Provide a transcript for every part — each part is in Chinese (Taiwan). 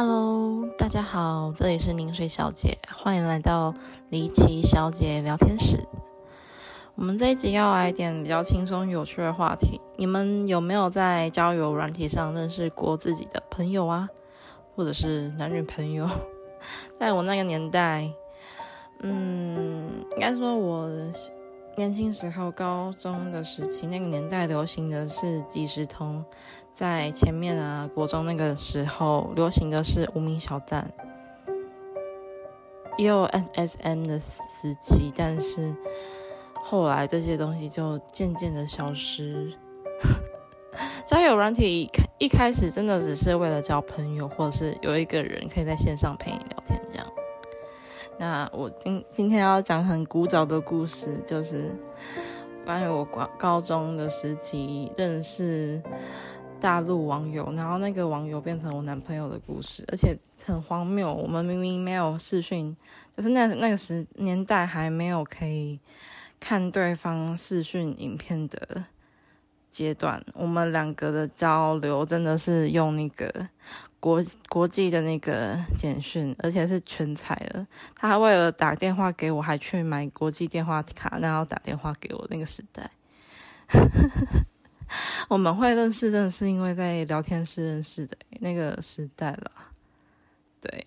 Hello，大家好，這裡是凝水小姐，歡迎來到離奇小姐聊天室。我們這一集要來點比較輕鬆有趣的話題。你們有沒有在交友軟體上認識過自己的朋友啊？或者是男女朋友？在我那個年代，嗯，應該說我。年輕時候，高中的時期，那個年代流行的是即時通，在前面啊，國中那個時候流行的是無名小站。也有 MSN 的時期，但是後來這些東西就漸漸的消失。交友軟體開一，一開始真的只是為了交朋友，或者是有一個人可以在線上陪你聊天這樣。那我今今天要講很古早的故事，就是關於我高中的時期認識大陸網友，然後那個網友變成我男朋友的故事，而且很荒謬。我們明明沒有視訊，就是那那個時年代還沒有可以看對方視訊影片的階段，我們兩個的交流真的是用那個。國國際的那個簡訊，而且是全彩的。他還為了打電話給我，還去買國際電話卡，然後打電話給我。那個時代， 我們會認識認識，因為在聊天室認識的那個時代了。對，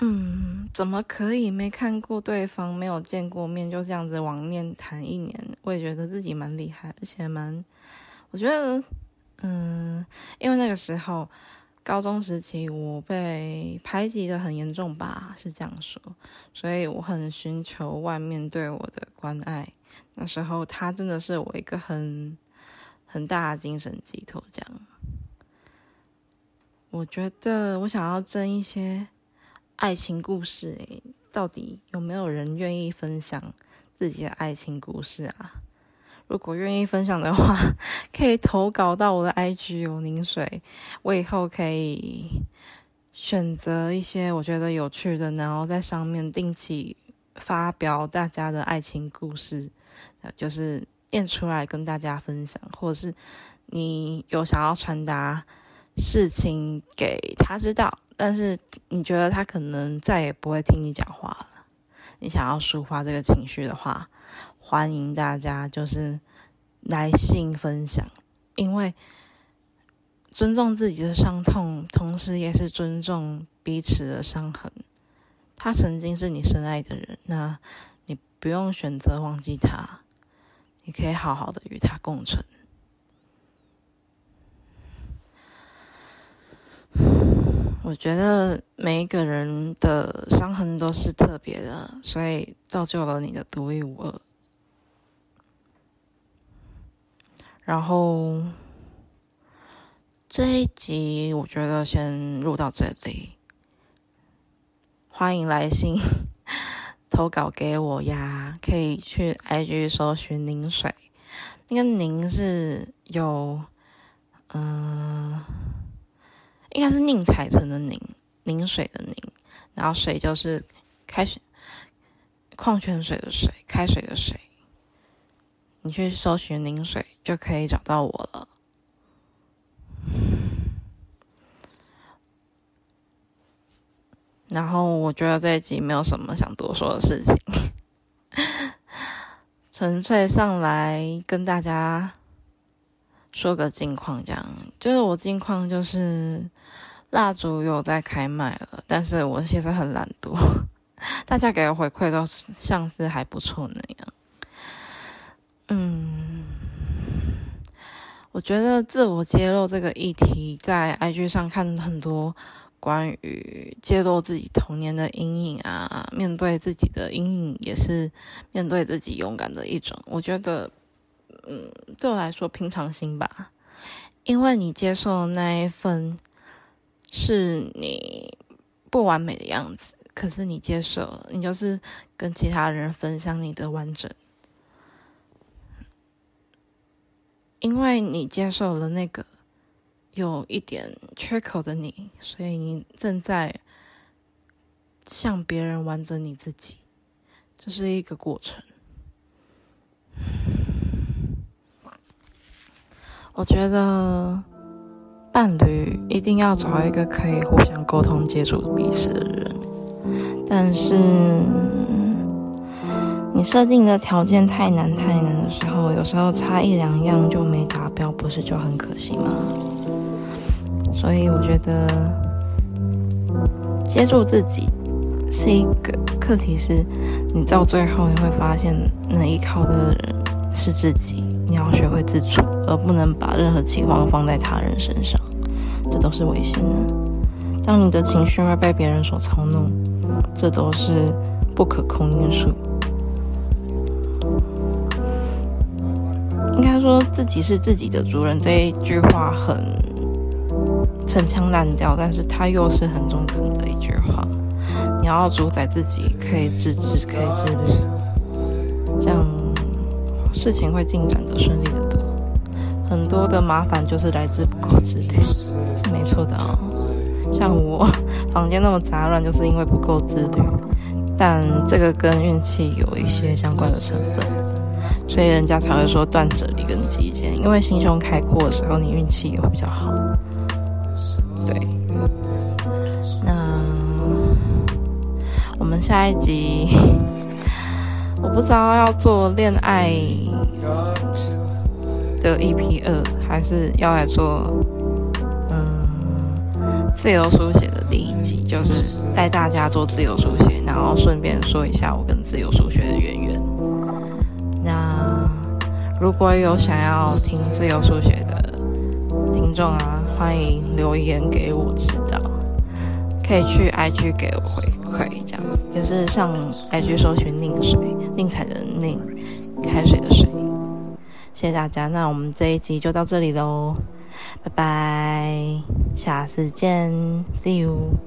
嗯，怎麼可以沒看過對方，沒有見過面，就這樣子網戀談一年？我也覺得自己蠻厲害，而且蠻，我覺得。嗯，因為那個時候高中時期我被排擠的很嚴重吧，是這樣說，所以我很尋求外面對我的關愛。那時候他真的是我一個很很大的精神寄托，這樣。我覺得我想要徵一些愛情故事，誒，到底有沒有人願意分享自己的愛情故事啊？如果願意分享的話，可以投稿到我的 IG 有凝水，我以後可以選擇一些我覺得有趣的，然後在上面定期發表大家的愛情故事，就是念出來跟大家分享，或者是你有想要傳達事情給他知道，但是你覺得他可能再也不會聽你講話了，你想要抒發這個情緒的話。歡迎大家就是來信分享，因為尊重自己的傷痛，同時也是尊重彼此的傷痕。他曾經是你深愛的人，那你不用選擇忘記他，你可以好好的與他共存。我覺得每一個人的傷痕都是特別的，所以造就了你的獨一無二。然後這一集我覺得先錄到這裡。歡迎來信投稿給我呀，可以去 IG 搜尋“寧水”，那個“寧”是有嗯、呃，應該是寧采臣的“寧”，寧水的“寧”，然後“水”就是開水、礦泉水的“水”，開水的“水”。你去搜尋“寧水”。就可以找到我了。然後我覺得這一集沒有什麼想多說的事情，純粹上來跟大家說個近況這樣，就是我近況，就是蠟燭有在開麥了，但是我其實很懶惰。大家給的回饋都像是還不錯那樣，嗯。我覺得自我揭露這個議題，在 IG 上看很多關於揭露自己童年的陰影啊，面對自己的陰影也是面對自己勇敢的一種。我覺得，嗯，對我來說平常心吧，因為你接受的那一份是你不完美的樣子，可是你接受，你就是跟其他人分享你的完整。因為你接受了那個有一點缺口的你，所以你正在向別人完整你自己，這是一個過程。我覺得伴侶一定要找一個可以互相溝通、接觸彼此的人，但是。你設定的條件太難太難的時候，有時候差一兩樣就沒達標，不是就很可惜嗎？所以我覺得，接住自己是一個課題是，是你到最後你會發現，能依靠的人是自己，你要學會自主，而不能把任何期望放在他人身上，這都是危險的。當你的情緒會被別人所操弄，這都是不可控因素。應該說，自己是自己的主人這一句話很陳腔濫調，但是它又是很中肯的一句話。你要主宰自己，可以自制，可以自律，這樣事情會進展得順利得多。很多的麻煩就是來自不夠自律，是沒錯的啊，哦。像我房間那麼雜亂，就是因為不夠自律。但這個跟運氣有一些相關的成分。所以人家才會說斷舍離跟極簡，因為心胸開闊的時候，你運氣也會比較好。對，那我們下一集我不知道要做戀愛的 EP2，還是要來做嗯自由書寫的第一集，就是帶大家做自由書寫，然後順便說一下我跟自由書寫的淵源，源。那如果有想要聽自由書寫的聽眾啊，歡迎留言給我知道，可以去 I G 給我回饋這樣，也是上 I G 搜尋“寧水寧采”的寧，開水的水。謝謝大家，那我們這一集就到這裡嘍，拜拜，下次見，See you。